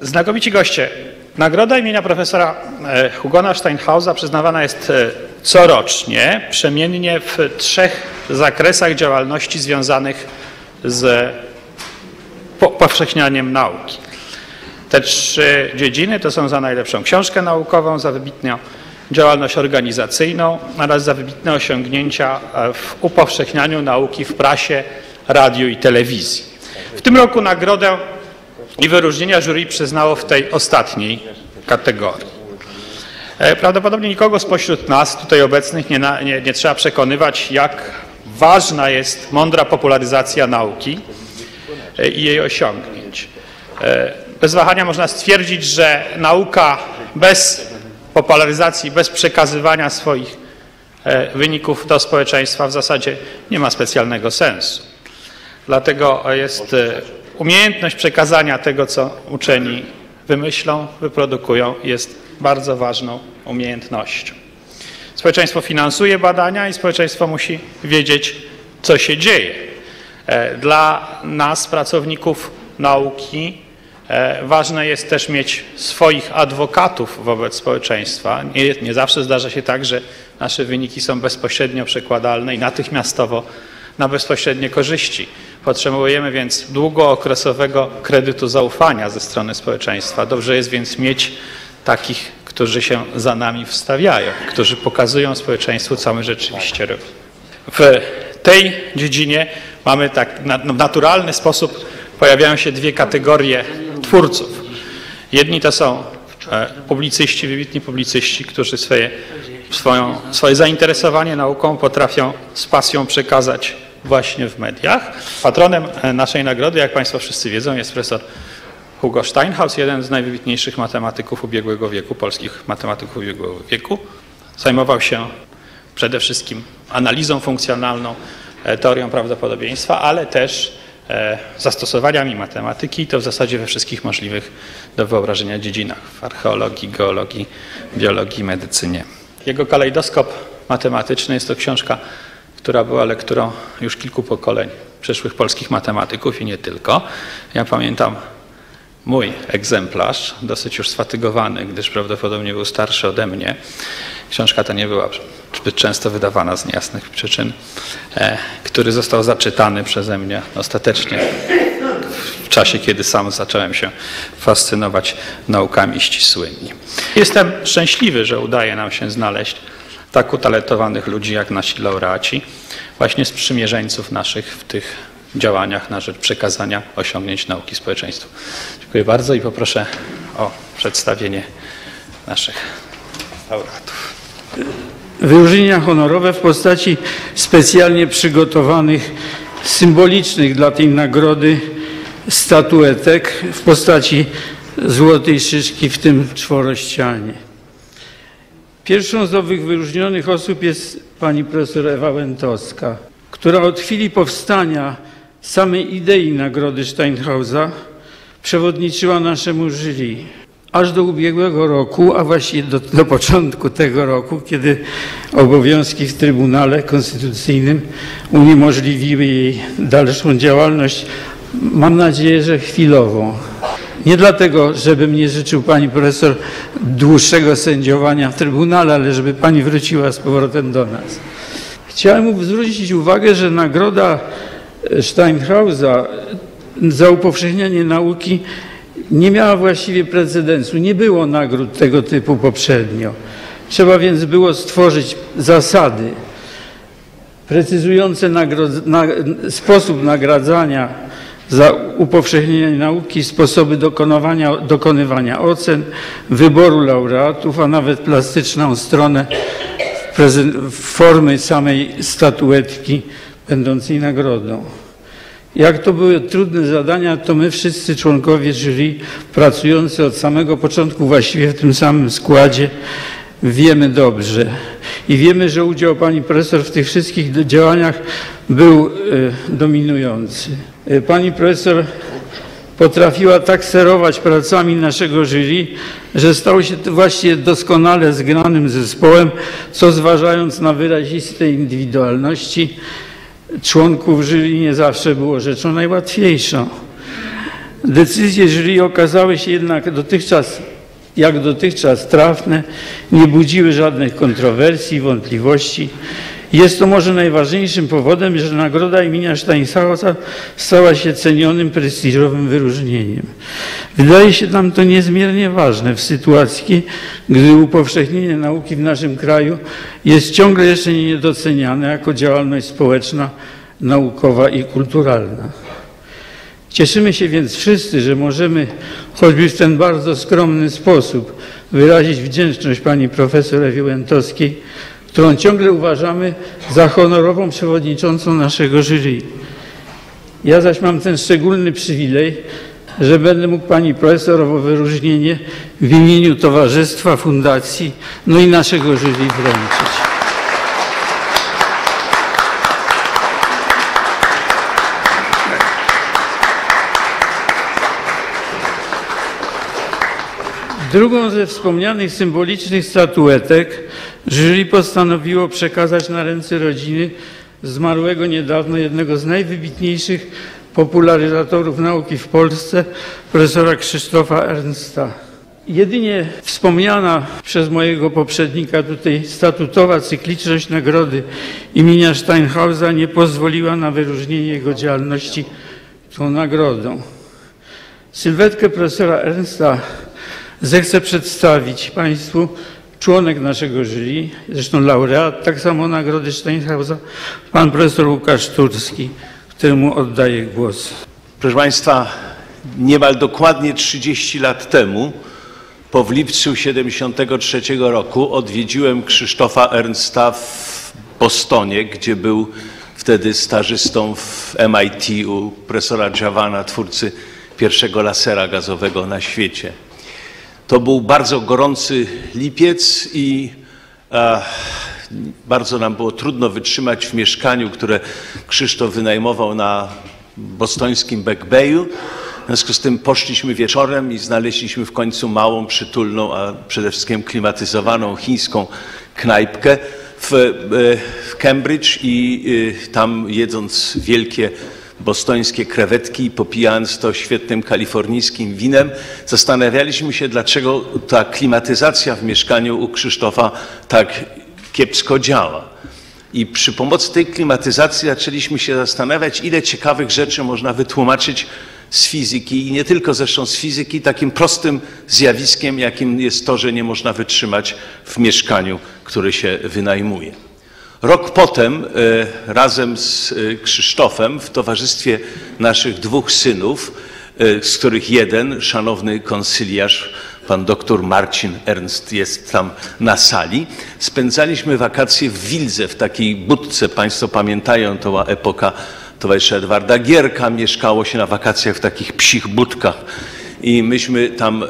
Znakomici goście. Nagroda imienia profesora e, Hugona Steinhausa przyznawana jest e, corocznie, przemiennie w trzech zakresach działalności związanych z upowszechnianiem nauki. Te trzy dziedziny to są za najlepszą książkę naukową, za wybitną działalność organizacyjną oraz za wybitne osiągnięcia e, w upowszechnianiu nauki w prasie, radiu i telewizji. W tym roku nagrodę i wyróżnienia jury przyznało w tej ostatniej kategorii. E, prawdopodobnie nikogo spośród nas tutaj obecnych nie, na, nie, nie trzeba przekonywać, jak ważna jest mądra popularyzacja nauki e, i jej osiągnięć. E, bez wahania można stwierdzić, że nauka bez popularyzacji, bez przekazywania swoich wyników do społeczeństwa w zasadzie nie ma specjalnego sensu. Dlatego jest umiejętność przekazania tego, co uczeni wymyślą, wyprodukują, jest bardzo ważną umiejętnością. Społeczeństwo finansuje badania i społeczeństwo musi wiedzieć, co się dzieje. E, dla nas, pracowników nauki, e, ważne jest też mieć swoich adwokatów wobec społeczeństwa. Nie, nie zawsze zdarza się tak, że nasze wyniki są bezpośrednio przekładalne i natychmiastowo na bezpośrednie korzyści Potrzebujemy więc długookresowego kredytu zaufania ze strony społeczeństwa. Dobrze jest więc mieć takich, którzy się za nami wstawiają, którzy pokazują społeczeństwu, co my rzeczywiście robimy. W tej dziedzinie mamy tak no, w naturalny sposób pojawiają się dwie kategorie twórców. Jedni to są e, publicyści, wybitni publicyści, którzy swoje, swoją, swoje zainteresowanie nauką potrafią z pasją przekazać właśnie w mediach. Patronem e, naszej nagrody, jak Państwo wszyscy wiedzą, jest profesor Hugo Steinhaus, jeden z najwybitniejszych matematyków ubiegłego wieku, polskich matematyków ubiegłego wieku. Zajmował się przede wszystkim analizą funkcjonalną, e, teorią prawdopodobieństwa, ale też e, zastosowaniami matematyki, to w zasadzie we wszystkich możliwych do wyobrażenia dziedzinach w archeologii, geologii, biologii, medycynie. Jego kalejdoskop matematyczny jest to książka która była lekturą już kilku pokoleń przyszłych polskich matematyków i nie tylko. Ja pamiętam mój egzemplarz, dosyć już sfatygowany, gdyż prawdopodobnie był starszy ode mnie. Książka ta nie była zbyt często wydawana z niejasnych przyczyn, e, który został zaczytany przeze mnie ostatecznie w czasie, kiedy sam zacząłem się fascynować naukami ścisłymi. Jestem szczęśliwy, że udaje nam się znaleźć tak utalentowanych ludzi jak nasi laureaci, właśnie sprzymierzeńców naszych w tych działaniach na rzecz przekazania osiągnięć nauki społeczeństwu. Dziękuję bardzo i poproszę o przedstawienie naszych laureatów. Wyróżnienia honorowe w postaci specjalnie przygotowanych, symbolicznych dla tej nagrody statuetek w postaci złotej szyszki, w tym czworościanie. Pierwszą z owych wyróżnionych osób jest pani profesor Ewa Łętowska, która od chwili powstania samej idei Nagrody Steinhausa przewodniczyła naszemu jury. Aż do ubiegłego roku, a właśnie do, do początku tego roku, kiedy obowiązki w Trybunale Konstytucyjnym uniemożliwiły jej dalszą działalność, mam nadzieję, że chwilową. Nie dlatego, żebym nie życzył pani profesor dłuższego sędziowania w Trybunale, ale żeby pani wróciła z powrotem do nas. Chciałem zwrócić uwagę, że nagroda e, Steinhausa za upowszechnianie nauki nie miała właściwie precedensu. Nie było nagród tego typu poprzednio. Trzeba więc było stworzyć zasady precyzujące nagro... na... sposób nagradzania za upowszechnienie nauki, sposoby dokonywania, dokonywania ocen, wyboru laureatów, a nawet plastyczną stronę formy samej statuetki będącej nagrodą. Jak to były trudne zadania, to my wszyscy członkowie jury pracujący od samego początku właściwie w tym samym składzie wiemy dobrze. I wiemy, że udział pani profesor w tych wszystkich działaniach był e, dominujący. E, pani profesor potrafiła tak serować pracami naszego jury, że stał się to właśnie doskonale zgranym zespołem, co zważając na wyraziste indywidualności członków jury nie zawsze było rzeczą najłatwiejszą. Decyzje jury okazały się jednak dotychczas jak dotychczas trafne, nie budziły żadnych kontrowersji i wątpliwości. Jest to może najważniejszym powodem, że nagroda imienia Steinhausa stała się cenionym, prestiżowym wyróżnieniem. Wydaje się nam to niezmiernie ważne w sytuacji, gdy upowszechnienie nauki w naszym kraju jest ciągle jeszcze niedoceniane jako działalność społeczna, naukowa i kulturalna. Cieszymy się więc wszyscy, że możemy, choćby w ten bardzo skromny sposób, wyrazić wdzięczność pani profesor Ewi Łętowskiej, którą ciągle uważamy za honorową przewodniczącą naszego jury. Ja zaś mam ten szczególny przywilej, że będę mógł pani profesor o wyróżnienie w imieniu Towarzystwa, Fundacji, no i naszego jury wręczyć. Drugą ze wspomnianych symbolicznych statuetek jury postanowiło przekazać na ręce rodziny zmarłego niedawno jednego z najwybitniejszych popularyzatorów nauki w Polsce, profesora Krzysztofa Ernsta. Jedynie wspomniana przez mojego poprzednika tutaj statutowa cykliczność nagrody imienia Steinhausa nie pozwoliła na wyróżnienie jego działalności tą nagrodą. Sylwetkę profesora Ernsta Zechcę przedstawić Państwu członek naszego jury, zresztą laureat tak samo Nagrody Steinhausa, pan profesor Łukasz Turski, któremu oddaję głos. Proszę Państwa, niemal dokładnie 30 lat temu, po w lipcu 73 roku, odwiedziłem Krzysztofa Ernsta w Bostonie, gdzie był wtedy stażystą w MIT u profesora Javana, twórcy pierwszego lasera gazowego na świecie. To był bardzo gorący lipiec i e, bardzo nam było trudno wytrzymać w mieszkaniu, które Krzysztof wynajmował na bostońskim Back Bayu. W związku z tym poszliśmy wieczorem i znaleźliśmy w końcu małą, przytulną, a przede wszystkim klimatyzowaną chińską knajpkę w, e, w Cambridge i y, tam jedząc wielkie bostońskie krewetki i popijając to świetnym kalifornijskim winem, zastanawialiśmy się, dlaczego ta klimatyzacja w mieszkaniu u Krzysztofa tak kiepsko działa. I przy pomocy tej klimatyzacji zaczęliśmy się zastanawiać, ile ciekawych rzeczy można wytłumaczyć z fizyki i nie tylko zresztą z fizyki, takim prostym zjawiskiem, jakim jest to, że nie można wytrzymać w mieszkaniu, które się wynajmuje. Rok potem e, razem z e, Krzysztofem w towarzystwie naszych dwóch synów, e, z których jeden, szanowny konsyliarz, pan doktor Marcin Ernst jest tam na sali, spędzaliśmy wakacje w Wildze, w takiej budce. Państwo pamiętają, to była epoka towarzysza Edwarda Gierka, mieszkało się na wakacjach w takich psich budkach i myśmy tam e,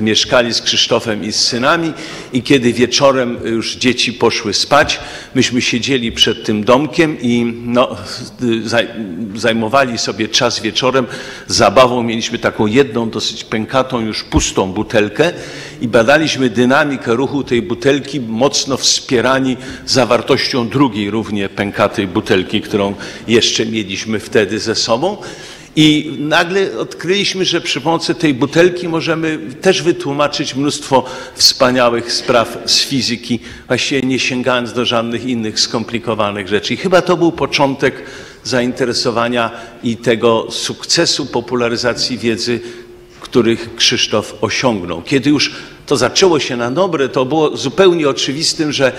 mieszkali z Krzysztofem i z synami i kiedy wieczorem już dzieci poszły spać, myśmy siedzieli przed tym domkiem i no, zajmowali sobie czas wieczorem zabawą. Mieliśmy taką jedną, dosyć pękatą, już pustą butelkę i badaliśmy dynamikę ruchu tej butelki, mocno wspierani zawartością drugiej równie pękatej butelki, którą jeszcze mieliśmy wtedy ze sobą. I nagle odkryliśmy, że przy pomocy tej butelki możemy też wytłumaczyć mnóstwo wspaniałych spraw z fizyki, właściwie nie sięgając do żadnych innych skomplikowanych rzeczy. I chyba to był początek zainteresowania i tego sukcesu popularyzacji wiedzy, których Krzysztof osiągnął. Kiedy już to zaczęło się na dobre, to było zupełnie oczywistym, że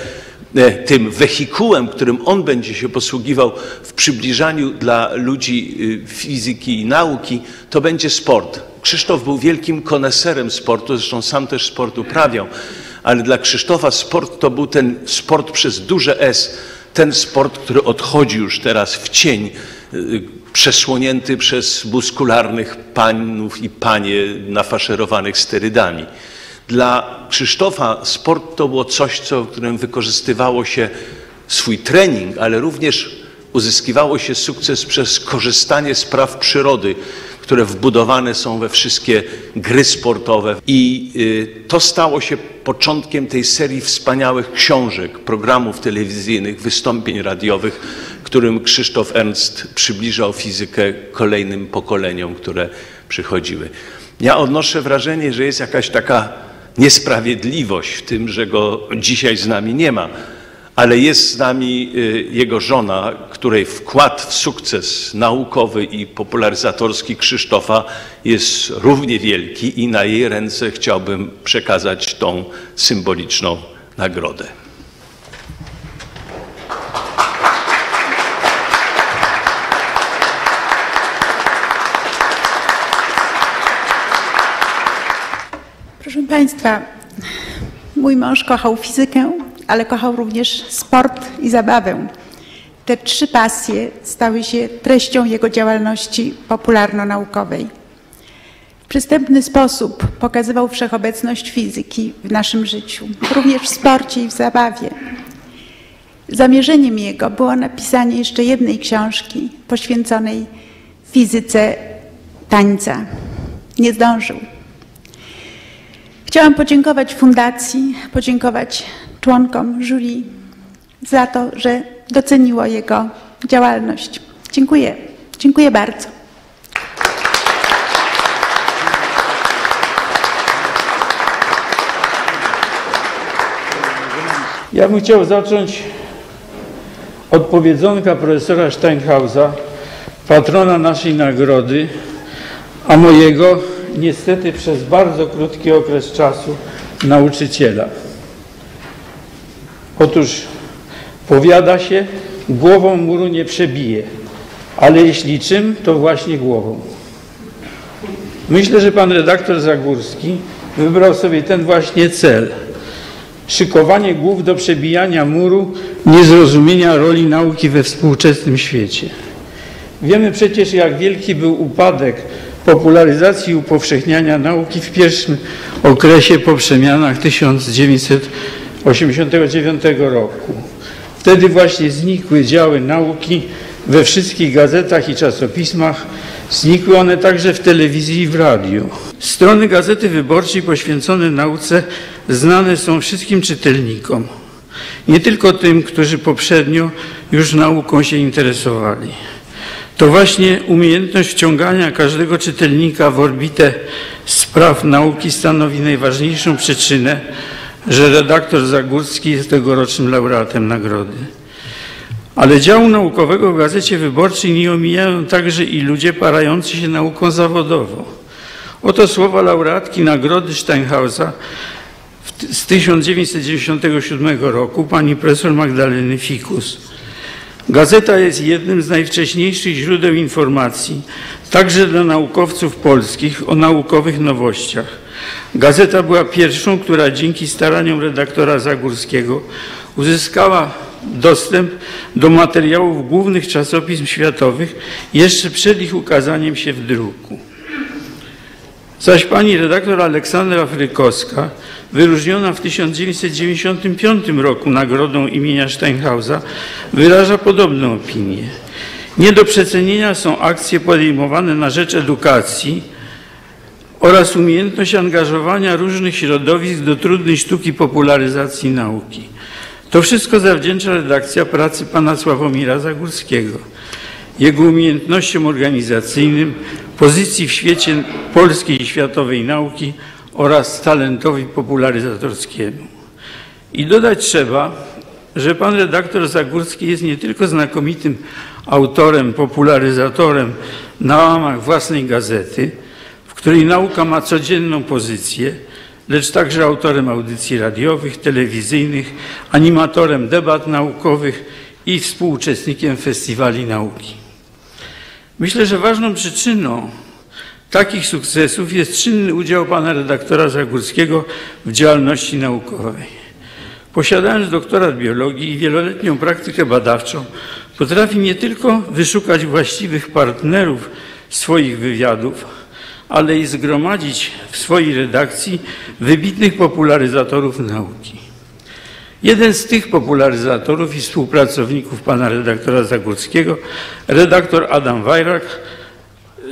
E, tym wehikułem, którym on będzie się posługiwał w przybliżaniu dla ludzi e, fizyki i nauki, to będzie sport. Krzysztof był wielkim koneserem sportu, zresztą sam też sport uprawiał, ale dla Krzysztofa sport to był ten sport przez duże S, ten sport, który odchodzi już teraz w cień, e, przesłonięty przez muskularnych panów i panie nafaszerowanych sterydami. Dla Krzysztofa sport to było coś, co, w którym wykorzystywało się swój trening, ale również uzyskiwało się sukces przez korzystanie z praw przyrody, które wbudowane są we wszystkie gry sportowe. I y, to stało się początkiem tej serii wspaniałych książek, programów telewizyjnych, wystąpień radiowych, którym Krzysztof Ernst przybliżał fizykę kolejnym pokoleniom, które przychodziły. Ja odnoszę wrażenie, że jest jakaś taka niesprawiedliwość w tym, że go dzisiaj z nami nie ma, ale jest z nami y, jego żona, której wkład w sukces naukowy i popularyzatorski Krzysztofa jest równie wielki i na jej ręce chciałbym przekazać tą symboliczną nagrodę. Państwa, mój mąż kochał fizykę, ale kochał również sport i zabawę. Te trzy pasje stały się treścią jego działalności popularno-naukowej. W przystępny sposób pokazywał wszechobecność fizyki w naszym życiu, również w sporcie i w zabawie. Zamierzeniem jego było napisanie jeszcze jednej książki poświęconej fizyce tańca. Nie zdążył. Chciałam podziękować fundacji, podziękować członkom jury za to, że doceniło jego działalność. Dziękuję. Dziękuję bardzo. Ja bym chciał zacząć od powiedzonka profesora Steinhausa, patrona naszej nagrody, a mojego niestety przez bardzo krótki okres czasu nauczyciela. Otóż powiada się, głową muru nie przebije, ale jeśli czym, to właśnie głową. Myślę, że pan redaktor Zagórski wybrał sobie ten właśnie cel. Szykowanie głów do przebijania muru, niezrozumienia roli nauki we współczesnym świecie. Wiemy przecież, jak wielki był upadek popularyzacji i upowszechniania nauki w pierwszym okresie po przemianach 1989 roku. Wtedy właśnie znikły działy nauki we wszystkich gazetach i czasopismach. Znikły one także w telewizji i w radiu. Strony Gazety Wyborczej poświęcone nauce znane są wszystkim czytelnikom. Nie tylko tym, którzy poprzednio już nauką się interesowali. To właśnie umiejętność wciągania każdego czytelnika w orbitę spraw nauki stanowi najważniejszą przyczynę, że redaktor Zagórski jest tegorocznym laureatem nagrody. Ale działu naukowego w Gazecie Wyborczej nie omijają także i ludzie parający się nauką zawodową. Oto słowa laureatki Nagrody Steinhausa z 1997 roku pani profesor Magdaleny Fikus. Gazeta jest jednym z najwcześniejszych źródeł informacji, także dla naukowców polskich, o naukowych nowościach. Gazeta była pierwszą, która dzięki staraniom redaktora Zagórskiego uzyskała dostęp do materiałów głównych czasopism światowych jeszcze przed ich ukazaniem się w druku. Zaś pani redaktor Aleksandra Frykowska wyróżniona w 1995 roku nagrodą imienia Steinhausa, wyraża podobną opinię. Nie do przecenienia są akcje podejmowane na rzecz edukacji oraz umiejętność angażowania różnych środowisk do trudnej sztuki popularyzacji nauki. To wszystko zawdzięcza redakcja pracy pana Sławomira Zagórskiego. Jego umiejętnościom organizacyjnym, pozycji w świecie polskiej i światowej nauki oraz talentowi popularyzatorskiemu. I dodać trzeba, że pan redaktor Zagórski jest nie tylko znakomitym autorem, popularyzatorem na łamach własnej gazety, w której nauka ma codzienną pozycję, lecz także autorem audycji radiowych, telewizyjnych, animatorem debat naukowych i współuczestnikiem festiwali nauki. Myślę, że ważną przyczyną takich sukcesów jest czynny udział pana redaktora Zagórskiego w działalności naukowej. Posiadając doktorat biologii i wieloletnią praktykę badawczą, potrafi nie tylko wyszukać właściwych partnerów swoich wywiadów, ale i zgromadzić w swojej redakcji wybitnych popularyzatorów nauki. Jeden z tych popularyzatorów i współpracowników pana redaktora Zagórskiego, redaktor Adam Wajrak,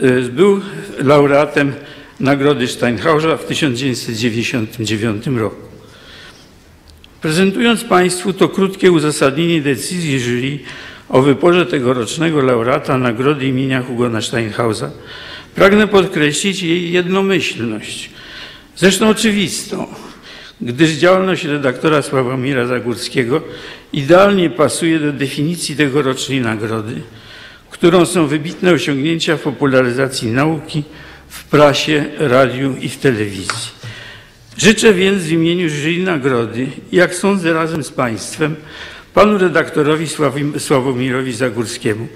Y, był laureatem Nagrody Steinhausera w 1999 roku. Prezentując Państwu to krótkie uzasadnienie decyzji jury o wyborze tegorocznego laureata Nagrody imienia Hugona Steinhausa, pragnę podkreślić jej jednomyślność, zresztą oczywistą, gdyż działalność redaktora Sławomira Zagórskiego idealnie pasuje do definicji tegorocznej nagrody – którą są wybitne osiągnięcia w popularyzacji nauki w prasie, radiu i w telewizji. Życzę więc w imieniu jury nagrody, jak sądzę razem z Państwem, panu redaktorowi Sławomirowi Zagórskiemu,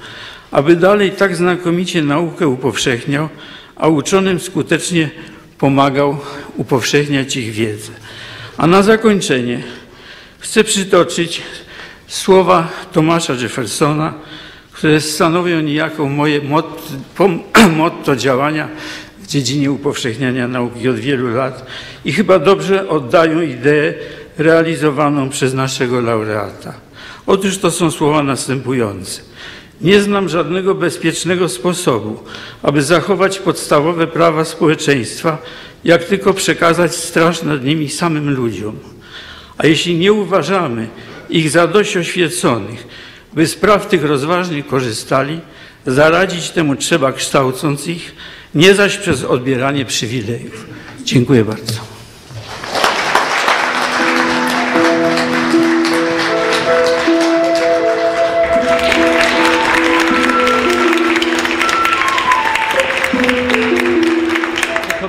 aby dalej tak znakomicie naukę upowszechniał, a uczonym skutecznie pomagał upowszechniać ich wiedzę. A na zakończenie chcę przytoczyć słowa Tomasza Jeffersona, które stanowią niejako moje motto działania w dziedzinie upowszechniania nauki od wielu lat i chyba dobrze oddają ideę realizowaną przez naszego laureata. Otóż to są słowa następujące. Nie znam żadnego bezpiecznego sposobu, aby zachować podstawowe prawa społeczeństwa, jak tylko przekazać straż nad nimi samym ludziom. A jeśli nie uważamy ich za dość oświeconych, by z praw tych rozważnie korzystali, zaradzić temu trzeba kształcąc ich, nie zaś przez odbieranie przywilejów. Dziękuję bardzo.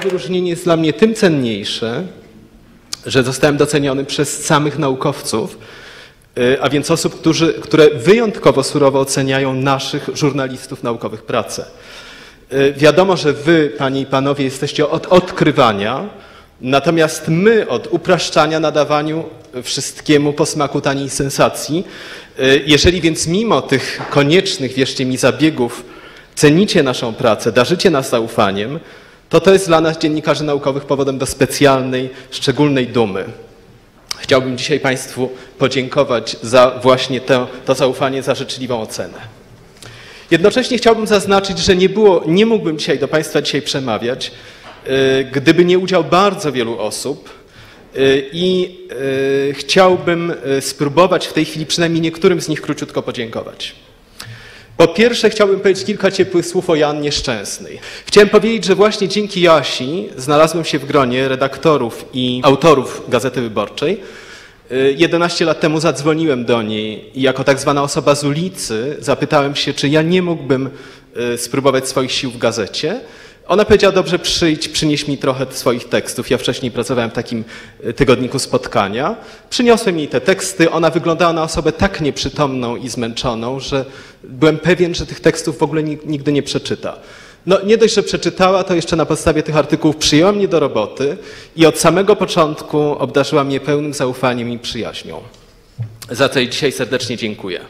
wyróżnienie jest dla mnie tym cenniejsze, że zostałem doceniony przez samych naukowców, Y, a więc osób, którzy, które wyjątkowo surowo oceniają naszych żurnalistów naukowych pracę. Y, wiadomo, że wy, panie i panowie, jesteście od odkrywania, natomiast my od upraszczania, nadawaniu wszystkiemu posmaku taniej sensacji. Y, jeżeli więc mimo tych koniecznych, wierzcie mi, zabiegów cenicie naszą pracę, darzycie nas zaufaniem, to to jest dla nas dziennikarzy naukowych powodem do specjalnej, szczególnej dumy. Chciałbym dzisiaj Państwu podziękować za właśnie to, to zaufanie, za życzliwą ocenę. Jednocześnie chciałbym zaznaczyć, że nie, było, nie mógłbym dzisiaj do Państwa dzisiaj przemawiać, e, gdyby nie udział bardzo wielu osób e, i e, chciałbym spróbować w tej chwili przynajmniej niektórym z nich króciutko podziękować. Po pierwsze, chciałbym powiedzieć kilka ciepłych słów o Janie Szczęsnej. Chciałem powiedzieć, że właśnie dzięki Jasi znalazłem się w gronie redaktorów i autorów Gazety Wyborczej. 11 y, lat temu zadzwoniłem do niej i jako tak zwana osoba z ulicy zapytałem się, czy ja nie mógłbym y, spróbować swoich sił w gazecie. Ona powiedziała, dobrze, przyjdź, przynieś mi trochę swoich tekstów. Ja wcześniej pracowałem w takim y, tygodniku spotkania. Przyniosłem jej te teksty. Ona wyglądała na osobę tak nieprzytomną i zmęczoną, że byłem pewien, że tych tekstów w ogóle nigdy nie przeczyta. No nie dość, że przeczytała, to jeszcze na podstawie tych artykułów przyjęła mnie do roboty i od samego początku obdarzyła mnie pełnym zaufaniem i przyjaźnią. Za co jej dzisiaj serdecznie dziękuję.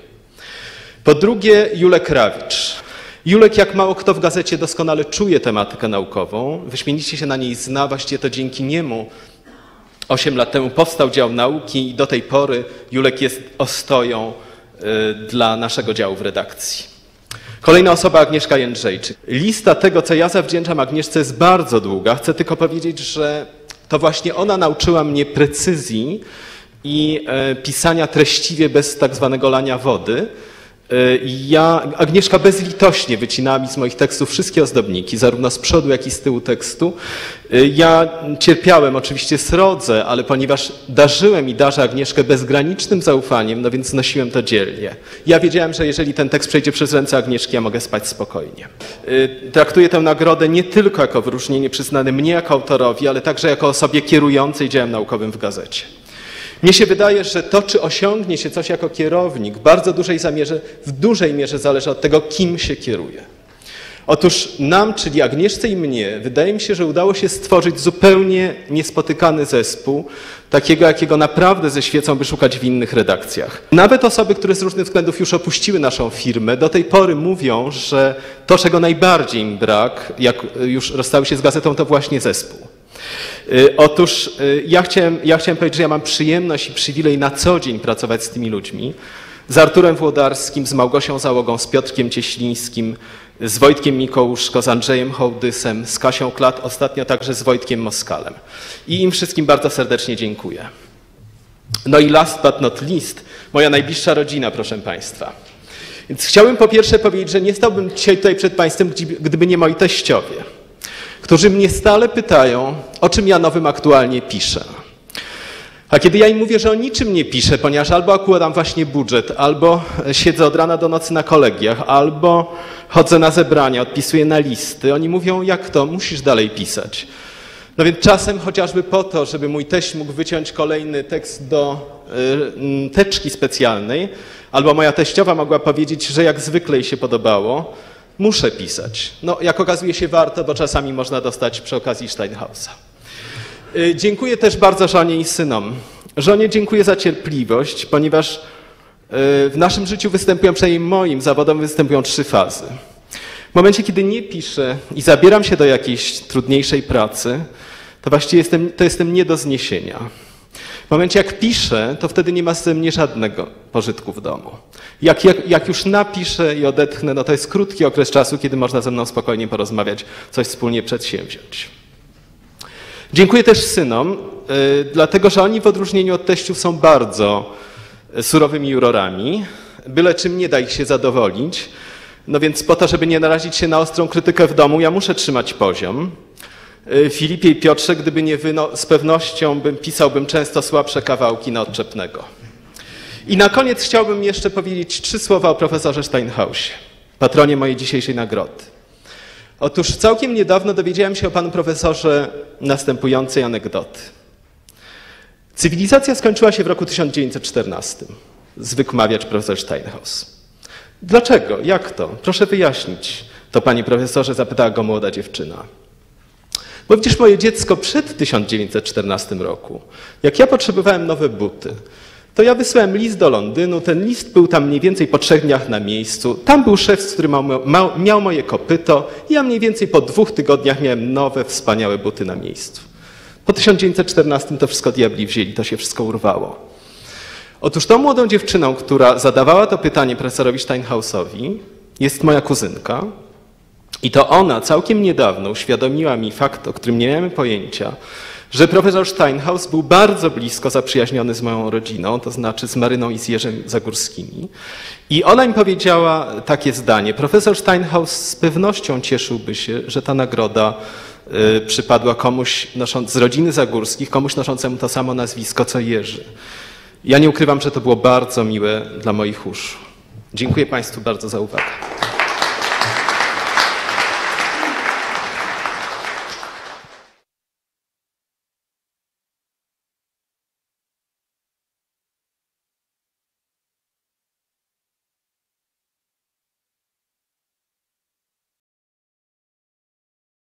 Po drugie, Julek Krawicz. Julek, jak mało kto w gazecie, doskonale czuje tematykę naukową, wyśmienicie się na niej zna, właściwie to dzięki niemu. Osiem lat temu powstał dział nauki i do tej pory Julek jest ostoją y, dla naszego działu w redakcji. Kolejna osoba Agnieszka Jędrzejczyk. Lista tego, co ja zawdzięczam Agnieszce jest bardzo długa. Chcę tylko powiedzieć, że to właśnie ona nauczyła mnie precyzji i e, pisania treściwie bez tak zwanego lania wody. Y, ja, Agnieszka bezlitośnie wycina mi z moich tekstów wszystkie ozdobniki, zarówno z przodu, jak i z tyłu tekstu. Y, ja cierpiałem oczywiście srodze, ale ponieważ darzyłem i darzę Agnieszkę bezgranicznym zaufaniem, no więc nosiłem to dzielnie. Ja wiedziałem, że jeżeli ten tekst przejdzie przez ręce Agnieszki, ja mogę spać spokojnie. Y, traktuję tę nagrodę nie tylko jako wyróżnienie przyznane mnie jako autorowi, ale także jako osobie kierującej działem naukowym w gazecie. Mnie się wydaje, że to, czy osiągnie się coś jako kierownik, w bardzo dużej zamierze, w dużej mierze zależy od tego, kim się kieruje. Otóż nam, czyli Agnieszce i mnie, wydaje mi się, że udało się stworzyć zupełnie niespotykany zespół, takiego, jakiego naprawdę ze świecą by szukać w innych redakcjach. Nawet osoby, które z różnych względów już opuściły naszą firmę, do tej pory mówią, że to, czego najbardziej im brak, jak już rozstały się z gazetą, to właśnie zespół. Y, otóż y, ja chciałem, ja chciałem powiedzieć, że ja mam przyjemność i przywilej na co dzień pracować z tymi ludźmi. Z Arturem Włodarskim, z Małgosią Załogą, z Piotrkiem Cieślińskim, z Wojtkiem Mikołuszko, z Andrzejem Hołdysem, z Kasią Klat, ostatnio także z Wojtkiem Moskalem. I im wszystkim bardzo serdecznie dziękuję. No i last but not least, moja najbliższa rodzina, proszę Państwa. Więc chciałbym po pierwsze powiedzieć, że nie stałbym dzisiaj tutaj przed Państwem, gdyby nie moi teściowie którzy mnie stale pytają, o czym ja nowym aktualnie piszę. A kiedy ja im mówię, że o niczym nie piszę, ponieważ albo akurat właśnie budżet, albo e, siedzę od rana do nocy na kolegiach, albo chodzę na zebrania, odpisuję na listy, oni mówią, jak to, musisz dalej pisać. No więc czasem chociażby po to, żeby mój teść mógł wyciąć kolejny tekst do e, teczki specjalnej, albo moja teściowa mogła powiedzieć, że jak zwykle jej się podobało, Muszę pisać. No, jak okazuje się, warto, bo czasami można dostać przy okazji Steinhausa. Y, dziękuję też bardzo żonie i synom. Żonie dziękuję za cierpliwość, ponieważ y, w naszym życiu występują, przynajmniej moim zawodom, występują trzy fazy. W momencie, kiedy nie piszę i zabieram się do jakiejś trudniejszej pracy, to właściwie jestem, to jestem nie do zniesienia. W momencie jak piszę, to wtedy nie ma ze mnie żadnego pożytku w domu. Jak, jak, jak już napiszę i odetchnę, no to jest krótki okres czasu, kiedy można ze mną spokojnie porozmawiać, coś wspólnie przedsięwziąć. Dziękuję też synom, y, dlatego że oni w odróżnieniu od teściów są bardzo y, surowymi jurorami. Byle czym nie da ich się zadowolić. No więc po to, żeby nie narazić się na ostrą krytykę w domu, ja muszę trzymać poziom. E, Filipie i Piotrze, gdyby nie wy, no, z pewnością bym pisałbym często słabsze kawałki na odczepnego. I na koniec chciałbym jeszcze powiedzieć trzy słowa o profesorze Steinhausie, patronie mojej dzisiejszej nagrody. Otóż całkiem niedawno dowiedziałem się o panu profesorze następującej anegdoty. Cywilizacja skończyła się w roku 1914. Zwykł mawiać profesor Steinhaus. Dlaczego? Jak to? Proszę wyjaśnić. To pani profesorze zapytała go młoda dziewczyna. Bo przecież moje dziecko przed 1914 roku, jak ja potrzebowałem nowe buty, to ja wysłałem list do Londynu. Ten list był tam mniej więcej po trzech dniach na miejscu. Tam był szef, który ma, ma, miał moje kopyto. i Ja mniej więcej po dwóch tygodniach miałem nowe, wspaniałe buty na miejscu. Po 1914 to wszystko diabli wzięli, to się wszystko urwało. Otóż tą młodą dziewczyną, która zadawała to pytanie profesorowi Steinhausowi, jest moja kuzynka, i to ona całkiem niedawno uświadomiła mi fakt, o którym nie miałem pojęcia, że profesor Steinhaus był bardzo blisko zaprzyjaźniony z moją rodziną, to znaczy z Maryną i z Jerzem Zagórskimi. I ona mi powiedziała takie zdanie: Profesor Steinhaus z pewnością cieszyłby się, że ta nagroda y, przypadła komuś nosząc, z rodziny Zagórskich, komuś noszącemu to samo nazwisko co Jerzy. Ja nie ukrywam, że to było bardzo miłe dla moich uszu. Dziękuję Państwu bardzo za uwagę.